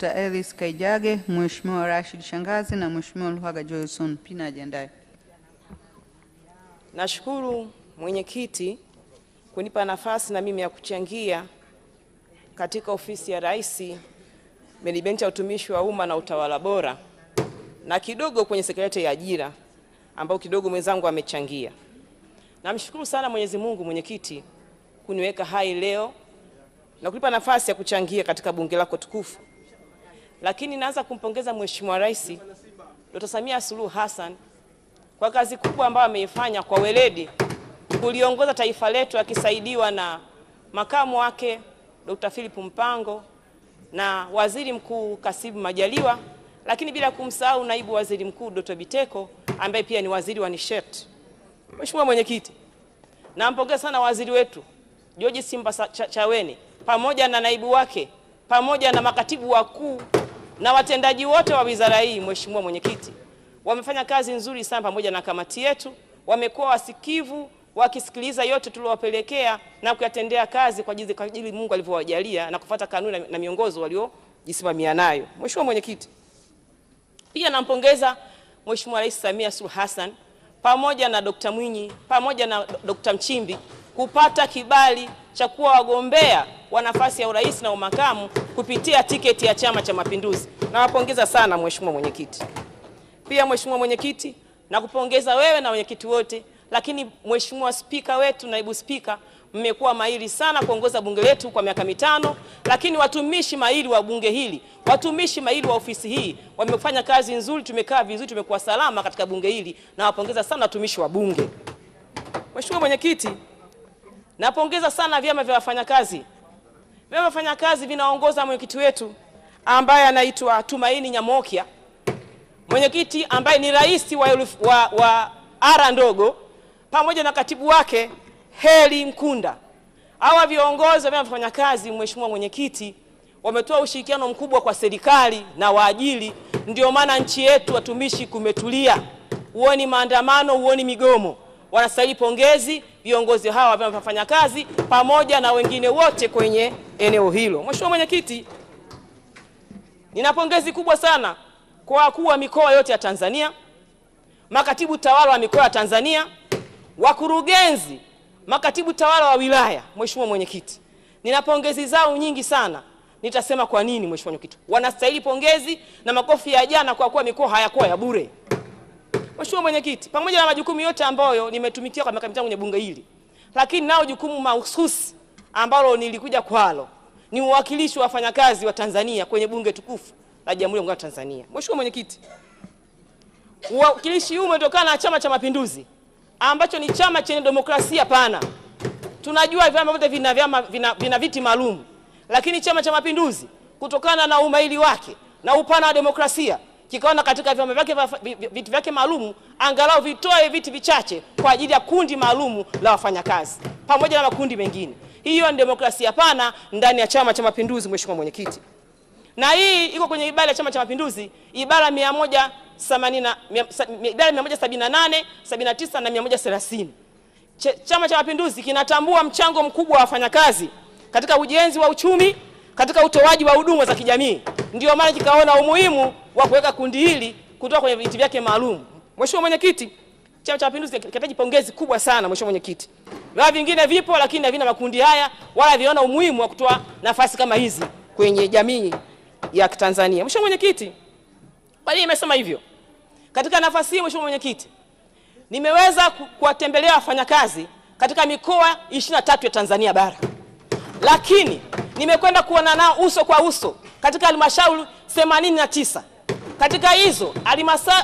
Dr. Elis Kaijage, Mheshimiwa Rashid Shangazi na Mheshimiwa Luhaga Johnson Pina ajiandae. Nashukuru mwenyekiti kunipa nafasi na mimi ya kuchangia katika ofisi ya Rais, menejimenti ya utumishi wa umma na utawala bora, na kidogo kwenye sekretarieti ya ajira ambao kidogo mwenzangu amechangia. Namshukuru sana Mwenyezi Mungu mwenyekiti kuniweka hai leo na kunipa nafasi ya kuchangia katika bunge lako tukufu. Lakini naanza kumpongeza Mheshimiwa Rais Dr. Samia Suluhu Hassan kwa kazi kubwa ambayo ameifanya kwa weledi kuliongoza taifa letu akisaidiwa na makamu wake Dr. Philip Mpango na Waziri Mkuu kasibu Majaliwa, lakini bila kumsahau naibu waziri mkuu Dr. Biteko ambaye pia ni waziri wa nishati. Mheshimiwa Mwenyekiti, nampongeza sana waziri wetu George Simba Chaweni pamoja na naibu wake pamoja na makatibu wakuu na watendaji wote wa wizara hii, Mheshimiwa Mwenyekiti, wamefanya kazi nzuri sana pamoja na kamati yetu. Wamekuwa wasikivu, wakisikiliza yote tuliowapelekea na kuyatendea kazi kwa ajili Mungu alivyowajalia na kufuata kanuni na miongozo waliojisimamia nayo. Mheshimiwa Mwenyekiti, pia nampongeza Mheshimiwa Rais Samia Suluhu Hassan pamoja na Dr. Mwinyi pamoja na Dr. Mchimbi kupata kibali cha kuwa wagombea wa nafasi ya urais na umakamu kupitia tiketi ya Chama cha Mapinduzi. Nawapongeza sana Mheshimiwa Mwenyekiti. Pia Mheshimiwa Mwenyekiti, nakupongeza wewe na wenyekiti wote, lakini Mheshimiwa Spika wetu, naibu spika, mmekuwa mahiri sana kuongoza bunge letu kwa miaka mitano, lakini watumishi mahiri wa bunge hili, watumishi mahiri wa ofisi hii wamefanya kazi nzuri, tumekaa vizuri, tumekuwa salama katika bunge hili. Nawapongeza sana watumishi wa bunge. Mheshimiwa Mwenyekiti, Napongeza sana vyama vya wafanyakazi. Vyama vya wafanyakazi vinaongoza mwenyekiti wetu ambaye anaitwa Tumaini Nyamokia, mwenyekiti ambaye ni rais wa, wa, wa ara ndogo pamoja na katibu wake Heli mkunda Hawa viongozi wa vyama vya wafanyakazi, mheshimiwa mwenyekiti, wametoa ushirikiano mkubwa kwa serikali na waajili, ndio maana nchi yetu watumishi kumetulia, huoni maandamano, huoni migomo wanastahili pongezi viongozi hawa wa vyama vya wafanyakazi pamoja na wengine wote kwenye eneo hilo. Mheshimiwa Mwenyekiti, nina pongezi kubwa sana kwa wakuu wa mikoa yote ya Tanzania, makatibu tawala wa mikoa ya Tanzania, wakurugenzi, makatibu tawala wa wilaya. Mheshimiwa Mwenyekiti, nina pongezi zao nyingi sana. Nitasema kwa nini. Mheshimiwa Mwenyekiti, wanastahili pongezi na makofi ya jana kwa kuwa mikoa hayakuwa ya bure. Mheshimiwa Mwenyekiti, pamoja na majukumu yote ambayo nimetumikia kwa miaka mitano kwenye bunge hili, lakini nao jukumu mahususi ambalo nilikuja kwalo ni uwakilishi wa wafanyakazi wa Tanzania kwenye bunge tukufu la Jamhuri ya Muungano wa Tanzania. Mheshimiwa Mwenyekiti, uwakilishi huu umetokana na Chama cha Mapinduzi ambacho ni chama chenye demokrasia pana. Tunajua vyama vyote vina, vyama, vina, vina viti maalum, lakini Chama cha Mapinduzi kutokana na umaili wake na upana wa demokrasia kikaona katika vyama vyake viti vyake maalum angalau vitoe viti vichache kwa ajili ya kundi maalum la wafanyakazi pamoja na makundi mengine. Hiyo ni demokrasia pana ndani ya Chama cha Mapinduzi, Mheshimiwa Mwenyekiti, na hii iko kwenye ibara ya Chama cha Mapinduzi, ibara 178, 79 na 130. Chama cha Mapinduzi kinatambua mchango mkubwa wa wafanyakazi katika ujenzi wa uchumi, katika utoaji wa huduma za kijamii. ndio maana kikaona umuhimu wa kuweka kundi hili kutoka kwenye viti vyake maalum. Mheshimiwa Mwenyekiti, Chama cha Mapinduzi kinahitaji pongezi kubwa sana Mheshimiwa Mwenyekiti. Vyama vingine vipo lakini havina makundi haya wala viona umuhimu wa kutoa nafasi kama hizi kwenye jamii ya Tanzania. Mheshimiwa Mwenyekiti, kwa nini nimesema hivyo? Katika nafasi hii Mheshimiwa Mwenyekiti, nimeweza kuwatembelea wafanyakazi katika mikoa tatu ya Tanzania bara, lakini nimekwenda kuona nao uso kwa uso katika halmashauri 89 katika hizo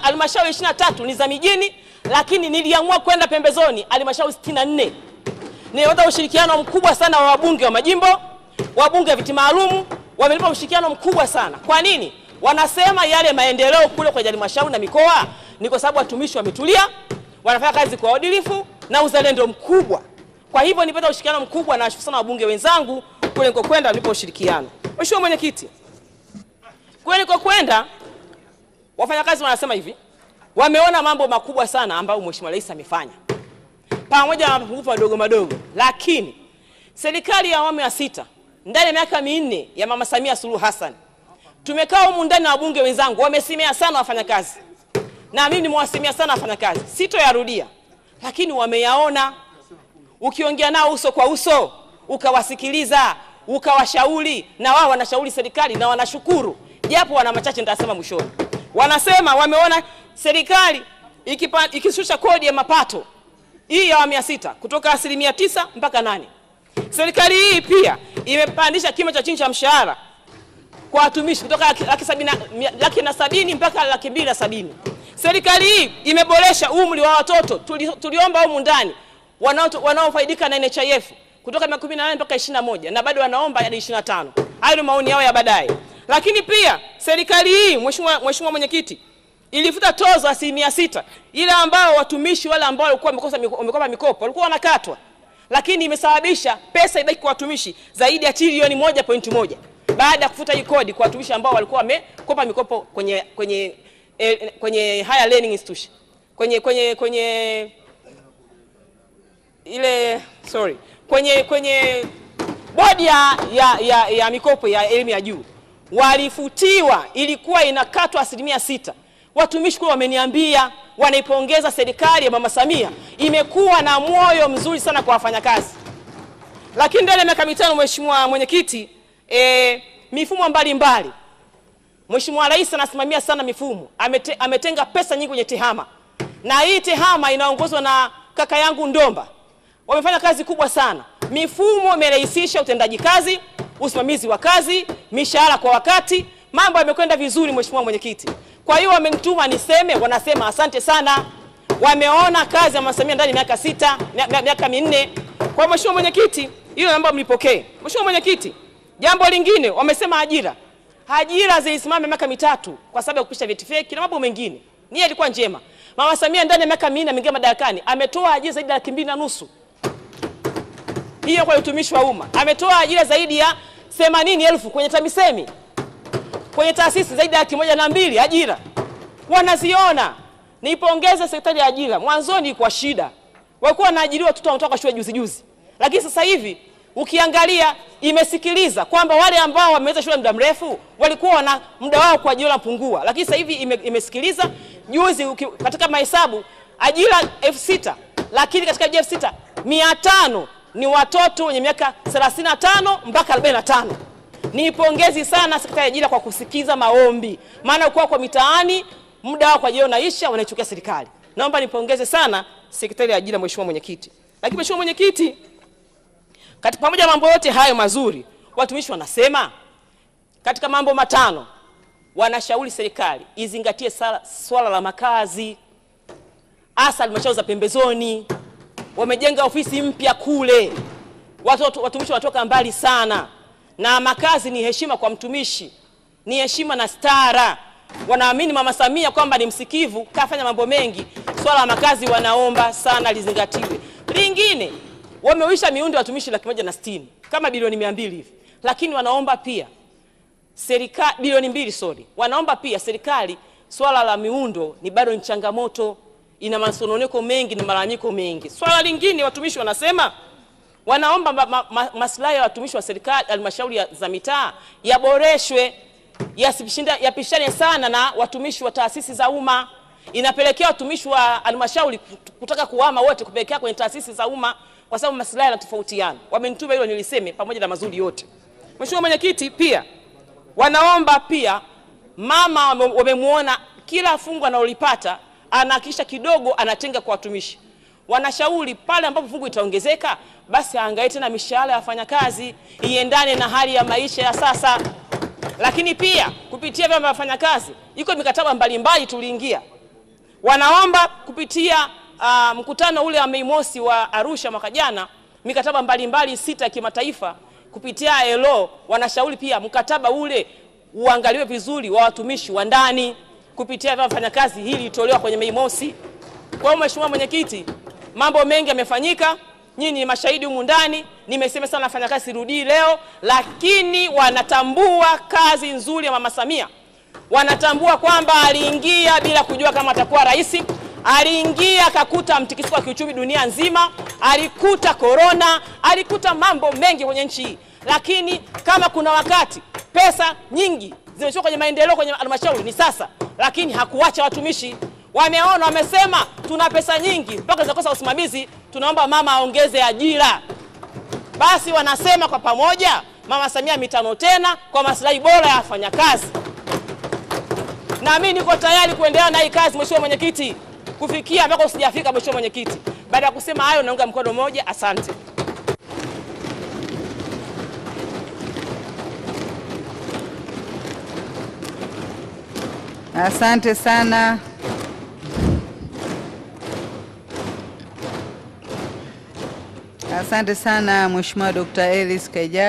halmashauri 23 ni za mijini, lakini niliamua kwenda pembezoni, halmashauri 64. nimepata ushirikiano mkubwa sana wa wabunge wa majimbo, wabunge wa viti maalum, wamelipa ushirikiano mkubwa sana. Kwa nini? Wanasema yale maendeleo kule kwenye halmashauri na mikoa ni kwa sababu watumishi wametulia, wanafanya kazi kwa uadilifu na uzalendo mkubwa. Kwa hivyo nilipata ushirikiano mkubwa na washukuru sana wabunge wenzangu kule kwenda walipo ushirikiano. Mheshimiwa Mwenyekiti, kule kwenda Wafanyakazi wanasema hivi, wameona mambo makubwa sana ambayo Mheshimiwa Rais amefanya pamoja na mapungufu madogo madogo, lakini serikali ya awamu ya sita ndani ya miaka minne ya Mama Samia Suluhu Hassan tumekaa humu ndani na wabunge wenzangu wamesimia sana wafanyakazi, na mimi nimewasimia sana wafanyakazi, sitoyarudia, lakini wameyaona. Ukiongea nao uso kwa uso, ukawasikiliza, ukawashauri, na wao wanashauri serikali na wanashukuru, japo wana machache nitasema mwishoni. Wanasema wameona serikali ikipa, ikishusha kodi ya mapato hii ya awamu ya sita kutoka asilimia tisa mpaka nane. Serikali hii pia imepandisha kima cha chini cha mshahara kwa watumishi kutoka laki, sabini, laki na sabini mpaka laki mbili na sabini. Serikali hii imeboresha umri wa watoto tuli, tuliomba humu ndani wanaofaidika na NHIF kutoka miaka 18 mpaka 21 na bado wanaomba hadi 25. Hayo ni maoni yao ya baadaye. Lakini pia serikali hii, mheshimiwa mheshimiwa mwenyekiti, ilifuta tozo asilimia sita ile ambao watumishi wale ambao walikuwa wamekosa wamekopa mikopo walikuwa wanakatwa, lakini imesababisha pesa ibaki kwa watumishi zaidi ya trilioni moja pointi moja baada ya kufuta hii kodi kwa watumishi ambao walikuwa wamekopa mikopo kwenye kwenye eh, kwenye higher learning institution kwenye kwenye kwenye ile sorry kwenye kwenye bodi ya, ya, ya, ya mikopo ya elimu ya juu walifutiwa, ilikuwa inakatwa asilimia sita. Watumishi kule wameniambia wanaipongeza serikali ya Mama Samia, imekuwa na moyo mzuri sana kwa wafanyakazi. Lakini ndani ya miaka mitano, Mheshimiwa Mwenyekiti, e, mifumo mbalimbali, Mheshimiwa Rais anasimamia sana mifumo, amete, ametenga pesa nyingi kwenye tehama, na hii tehama inaongozwa na kaka yangu Ndomba, wamefanya kazi kubwa sana. Mifumo imerahisisha utendaji kazi, usimamizi wa kazi, mishahara kwa wakati. Mambo yamekwenda vizuri, mheshimiwa mwenyekiti. Kwa hiyo wamenituma niseme, wanasema asante sana, wameona kazi ya Mama Samia ndani ya miaka sita, miaka minne. Kwa mheshimiwa mwenyekiti, hiyo naomba mlipokee. Mheshimiwa mwenyekiti, jambo lingine wamesema ajira, ajira zilisimama miaka mitatu kwa sababu ya kupisha vyeti feki na mambo mengine. Nia ilikuwa njema. Mama Samia ndani ya miaka minne ameingia madarakani, ametoa ajira zaidi ya laki mbili na nusu hiyo kwa utumishi wa umma ametoa ajira zaidi ya themanini elfu kwenye TAMISEMI, kwenye taasisi zaidi ya laki moja na mbili ajira wanaziona. Niipongeze sekretari ya ajira, mwanzoni kwa shida walikuwa wanaajiriwa watoto wanatoka shule juzi juzi, lakini sasa hivi ukiangalia imesikiliza kwamba wale ambao wameweza shule muda mrefu walikuwa wana muda wao kwa ajira pungua, lakini sasa hivi ime, imesikiliza. Juzi uki, katika mahesabu ajira elfu sita lakini katika ajira elfu sita mia tano ni watoto wenye miaka 35 mpaka 45. Niipongezi sana sekta ya ajira kwa kusikiza maombi, maana ukuwa kwa mitaani muda wao kwa jeo naisha, wanaichukia serikali. Naomba nipongeze sana sekta ya ajira, mheshimiwa mwenyekiti. Lakini mheshimiwa mwenyekiti, katika pamoja na mambo yote hayo mazuri, watumishi wanasema katika mambo matano wanashauri serikali izingatie swala la makazi, hasa halmashauri za pembezoni wamejenga ofisi mpya kule, watu watumishi wanatoka mbali sana, na makazi ni heshima kwa mtumishi, ni heshima na stara. Wanaamini Mama Samia kwamba ni msikivu, kafanya mambo mengi. Swala la makazi wanaomba sana lizingatiwe. Lingine, wameuisha miundo ya watumishi laki moja na sitini kama bilioni mia mbili hivi, lakini wanaomba pia serikali bilioni mbili sorry, wanaomba pia serikali, swala la miundo ni bado ni changamoto ina masononeko mengi na malalamiko mengi. Swala lingine watumishi wanasema wanaomba ma, ma, ma, maslahi ya watumishi wa serikali halmashauri za mitaa yaboreshwe yapishane sana na watumishi wa taasisi za umma. Inapelekea watumishi wa halmashauri kutaka kuhama wote kupelekea kwenye taasisi za umma kwa sababu maslahi yanatofautiana. Wamenituma hilo niliseme, pamoja na mazuri yote. Mheshimiwa Mwenyekiti, pia wanaomba pia mama wamemwona kila fungu analolipata anahakikisha kidogo anatenga kwa watumishi. Wanashauri pale ambapo vugu itaongezeka, basi aangalie tena mishahara ya wafanyakazi iendane na hali ya maisha ya sasa. Lakini pia kupitia vyama vya wafanyakazi iko mikataba mbalimbali tuliingia, wanaomba kupitia uh, mkutano ule wa Mei Mosi wa Arusha mwaka jana, mikataba mbalimbali sita ya kimataifa kupitia ILO wanashauri pia mkataba ule uangaliwe vizuri wa watumishi wa ndani kupitia vyama kazi hili lilitolewa kwenye Mei Mosi. Kwa hiyo Mheshimiwa Mwenyekiti, mambo mengi yamefanyika, nyinyi mashahidi humu ndani. Nimesema sana kazi sirudii leo, lakini wanatambua kazi nzuri ya Mama Samia, wanatambua kwamba aliingia bila kujua kama atakuwa rais aliingia akakuta mtikisiko wa kiuchumi dunia nzima, alikuta korona, alikuta mambo mengi kwenye nchi hii. Lakini kama kuna wakati pesa nyingi zimetoka kwenye maendeleo kwenye halmashauri ni sasa lakini hakuwacha watumishi. Wameona, wamesema tuna pesa nyingi mpaka zinakosa usimamizi, tunaomba mama aongeze ajira. Basi wanasema kwa pamoja, Mama Samia mitano tena kwa maslahi bora ya wafanyakazi. Na mimi niko tayari kuendelea na hii kazi, mheshimiwa mwenyekiti, kufikia ambako sijafika. Mheshimiwa mwenyekiti, baada ya kusema hayo, naunga mkono moja. Asante. Asante sana. Asante sana Mheshimiwa Dr. elis kaija